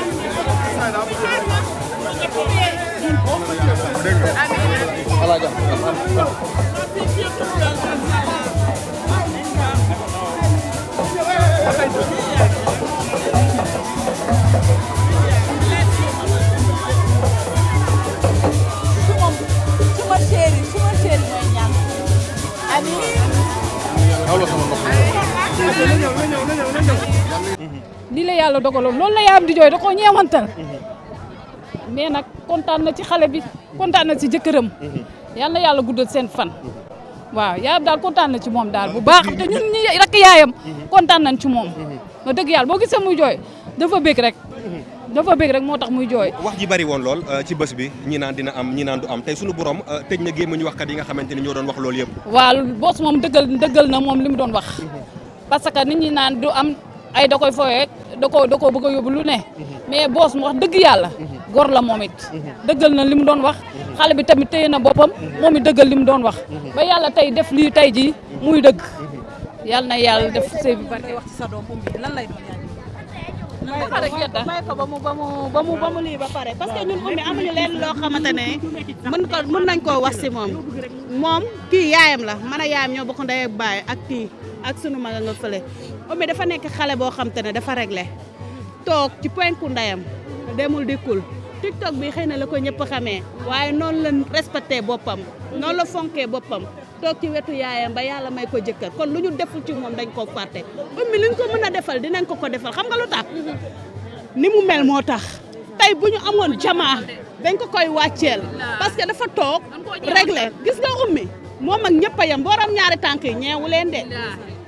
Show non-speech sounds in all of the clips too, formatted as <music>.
dégg nga la yàlla dogaloon loolu la yaayam di jooy da ñeewantal mais nag kontaan na ci xale bi kontaan na ci jëkkëram yal na yàlla guddal seen fan waaw yaayam daal kontaan na ci moom daal bu baax te ñun ñi yaayam kontaan nañ ci moom ma dëgg yàlla boo gisee muy jooy dafa bëgg rek dafa bëgg rek moo tax muy jooy wax ji bari woon lool euh, ci bés bi ñi naan dina am ñi naan du am tey suñu borom euh, tëj na ñu wax kat yi nga xamante ni ñoo doon wax loolu yëpp waaw boos moom dëggal dëggal na moom li mu doon wax parce que nit ñi naan du am ay da koy foyee da koo da koo bëgg a yóbbu lu ne mhm. mais boos mu wax dëgg yàlla mhm. gor la moom it mhm. dëggal na li mu doon wax xale bi tamit téye na boppam moom it dëggal li mu doon wax ba yàlla tey def lii tey jii muy dëgg yàlla na yàlla def sëy bi barke wax ci sa doom moom bi lay may ba mu ba mu ba mu ba mu lii ba pare parce que ñun ummi amuñu leen loo xamante ne mën ko mën nañ koo wax si moom moom kii yaayam la man a yaayam ñoo bokk ndey ak baay ak kii ak sunu mag a nga fële ummi dafa nekk xale boo xamante ne dafa réglé toog ci penku ndeyam demul dikkul tiktok bi xëy na la ko ñëpp xamee waaye noonu la respecté boppam noonu la fonkee boppam toog ci wetu yaayam ba yàlla may ko jëkkër kon lu ñu deful ci moom dañ koo fàtte ummi li ñu ko mën a defal dinañ ko ko defal xam nga ni mu mel moo tax tey bu ñu amoon jamaa dañ ko koy wàcceel parce que dafa toog réglé gis nga ummi moom ak ñëpp a yem borom ñaari tànk yi ñeewu leen de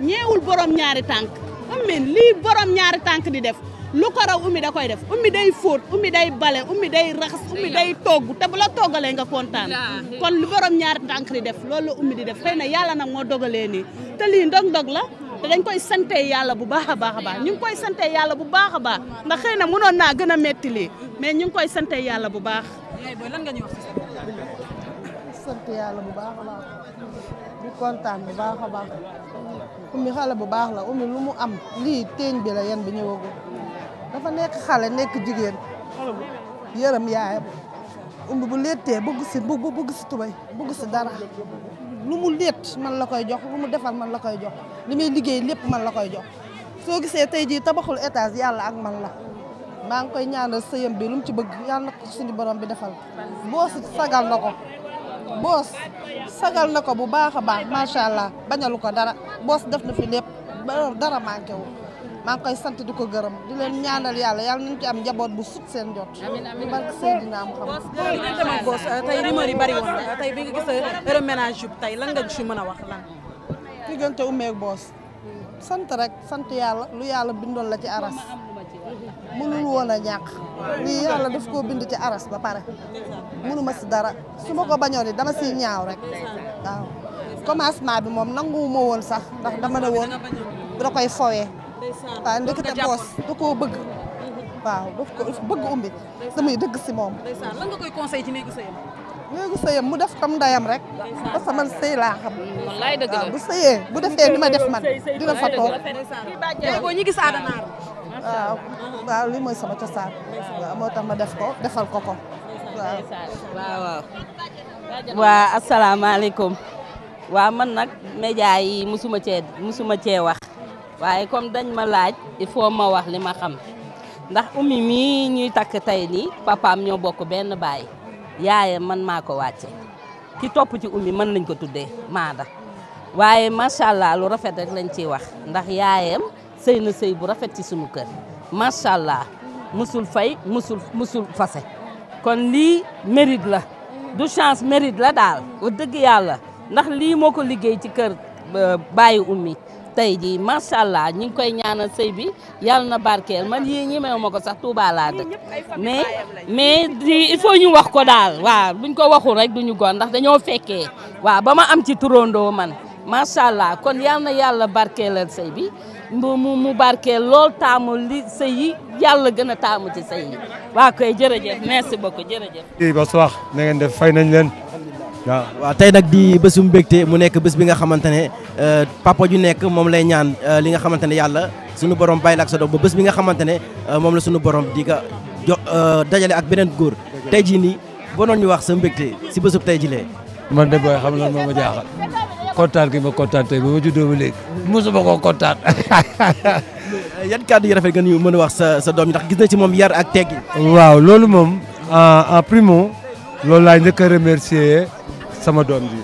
ñeewul borom ñaari tànk ummi lii borom ñaari tànk di def lu ko raw ummi da koy def ummi day fóot ummi day bale ummi day raxas ummi day toog te bu la toogalee nga kontaan kon lu borom ñaar tànk def loolu la ummi di def xëy na yàlla na moo dogalee nii ta liin ndog-ndog la te dañ koy sante yàlla bu baax a baax a baax ñu koy sante yàlla bu baax a baax ndax na mënoon naa gën a metti mais ñu ngi koy sante yàlla bu baax sant yàlla bu baax a baax di kontaan bu baax a baax ummi xale bu baax la ummi lu mu am lii teeñ bi la yan bi ñëwagul dafa nekk xale nekk jigéen yërëm yaayam umb bu léttee bëgg si bëgg si tubay bëgg si dara lu mu létt man la koy jox lu mu defar man la koy jox li muy liggéey lépp man la koy jox soo gisee tey jii tabaxul étage yàlla ak man la maa ngi koy ñaanal sëyam bi lu mu ci bëgg yàlla na ko suñu borom bi defal boos sagal na ko boos sagal na ko bu baax a baax macha allah bañalu ko dara boos def na fi lépp dara manqué wu maa ngi koy sant di ko gërëm di leen ñaanal yàlla yàlla nañu ci am njaboot bu sut seen jot. amiin amiin barke Seydina Muhammad. boos tey tey bi nga gis reménage lan nga ci mën a wax lan. diggante umeeg boos. sant rek sant yàlla lu yàlla bindoon la ci aras. mënul woon a ñàkk. lii yàlla daf koo bind ci aras ba pare. mënuma si dara su ma ko bañoon ni dama siy ñaaw rek waaw. commencement bi moom nanguwuma woon sax ndax dama ne woon da koy fowee. waaw ndekete poos da koo bëgg waaw daf ko bëgg umbi damay dëgg si moom lan nga koy conseil ci néegu sëyam sëyam mu def comme ndayam rek parce que man sëy laa mm, bu sëyee bu defee ni ma def man dina fa toog léegoo ñi moo tax ma def ko defal ko ko waaw waaw waa asalaamaaleykum waaw man nag média yi musuma cee musuma cee wax waaye comme dañ ma laaj il faut ma wax li ma xam ndax ummi mii ñuy takk tey nii papaam ñoo bokk benn baay yaayam man maa ko wàcce ki topp ci ummi man lañ ko tuddee maada waaye macha allah lu rafet rek lañ ci wax ndax yaayam sëy na sëy bu rafet ci sumu kër macha allah musul fay musul musul fase kon lii mérite la du chance mérite la daal wax dëgg yàlla ndax lii moo ko liggéey ci kër euh, bàyyi ummi tey jii macha allah ñu ngi koy ñaanal sey bi yàlla na barkeel man yii ñemewu ma ko sax Touba laa dëkk mais mais di il faut ñu wax ko daal waaw buñ ko waxul rek duñu gon ndax dañoo fekkee waaw ba ma am ci turandoo man macha allah kon yàlla na yàlla barkeelal sey bi mu mu mu barkeel lool taamu li sëy yi yàlla gën a taamu ci sëy yi jër koy jërëjëf merci beaucoup jërëjëf. kii ba soix na ngeen def fay nañ leen. waaw waaw tey nag di bés bu mbégte mu nekk bés bi nga xamante ne euh, papa ju nekk moom lay ñaan euh, li nga xamante ne yàlla suñu borom bàyyi la ak sa doom ba bés bi nga xamante ne euh, moom la suñu borom di ko jo dajale ak beneen góor tey jii nii boo ñu wax sa mbégte si bésub tey ji lee man xam lan moo ma jaaxal kontaan gi ma kontaan tey ba ma juddoo ba léegi mosuma koo kontaan <laughs> yan kàddu yi rafet nga ñu mën a wax sa sa doom ndax gis ci moom yar ak teggi waaw loolu moom en primo loolu laa njëkk a sama doom ji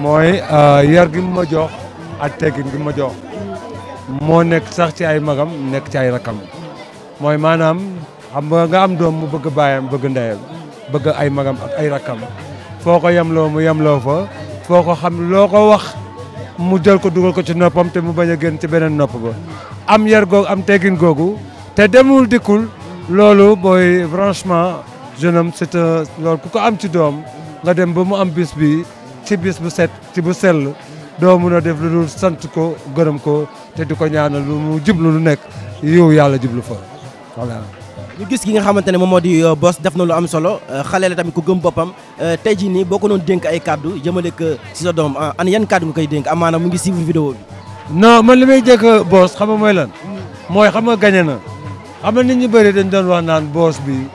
mooy euh, yar gi mu ma jox ak teggin gi ma jox moo nekk sax ci ay magam nekk ci ay rakam mooy maanaam xam nga am doom mu bëgg baayam bëgg ndeyam bëgg ay magam ak ay rakam foo ko yemloo mu yemloo fa foo ko xam loo ko wax mu jël ko dugal ko ci noppam te mu bañ a génn ci beneen nopp ba am yar googu am teggin googu te demul dikkul loolu booy franchement jeune homme c'est euh, loolu ku ko am ci doom nga dem ba mu am bis bi ci bis bu set ci bu sell doo mun a def lu dul sant ko gërëm ko te di ko ñaanal lu mu jublu lu nekk yow yàlla jublu fa voilà. ñu gis ki nga xamante ne moo di euh, Boss def na lu am solo euh, xale la tamit ku gëm boppam euh, tey jii nii boo ko doon dénk ay kàddu jëmale ko si sa doom an yan kàddu nga koy dénk amaana mu ngi suivre vidéo bi. non man li may jëkk Boss xam nga mooy lan mooy xam nga gañe na xam nga nit ñu bëri dañ doon wax naan boos bi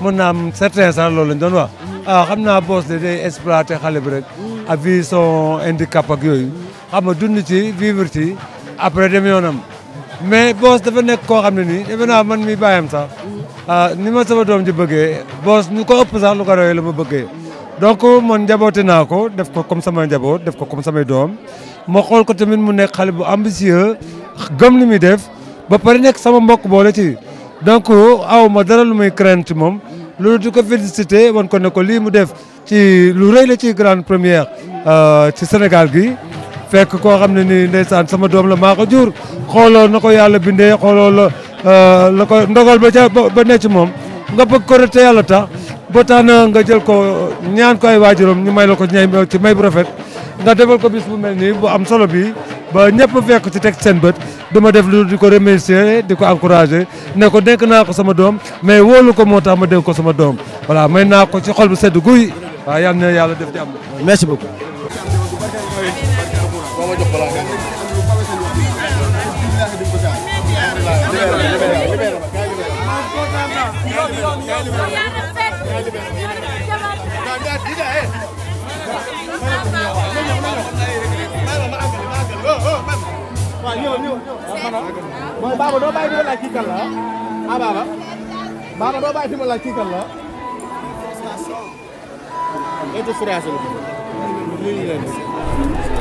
mun naa am certain sax loolu lañ doon wax. ah xam naa boos de day exploité xale bi rek ak vie son handicap ak yooyu xam nga dund ci vivre ci après dem yoonam mais boos dafa nekk koo xam ne nii defe naa man mi bàyyam sax ah, ni ma sama doom ji bëggee boos ñu ko ëpp sax lu la ma bëggee donc man njaboote naa ko def ko comme sama njaboot def ko comme samay doom ma xool ko tamit mu nekk xale bu ambitieux gëm li muy def ba pare nekk sama mbokk boole ci donc aw ma dara lu may crainte moom loolu di ko félicité wan ko ne ko lii mu def ci lu rëy la ci grande première euh, ci Sénégal gi fekk koo xam ne ni ndeysaan sama doom la maa ko jur xooloo na ko yàlla bindee xooloo la euh, la ko ndogal ba ca ba ne ci moom nga bëgg ko rete yàlla tax boo tax na nga jël ko ñaan ko ay waajuram ñu may la ko ñay ci may bu rafet nga defal ko bis bu mel nii bu am solo bii ba ñëpp fekk ci teg seen bët duma def lu di ko remercier di ko encourager ne ko dénk naa ko sama doom mais wóolu ko moo tax ma dénk ko sama doom voilà may naa ko ci xol bu sedd guy waaw na yàlla def jàmm. merci beaucoup. waaw ñëw ñëw. waaw Baba doo bàyyi fi ma laaj kii kan la ah Baba. Baba doo bàyyi fi ma laaj kii kan la. la.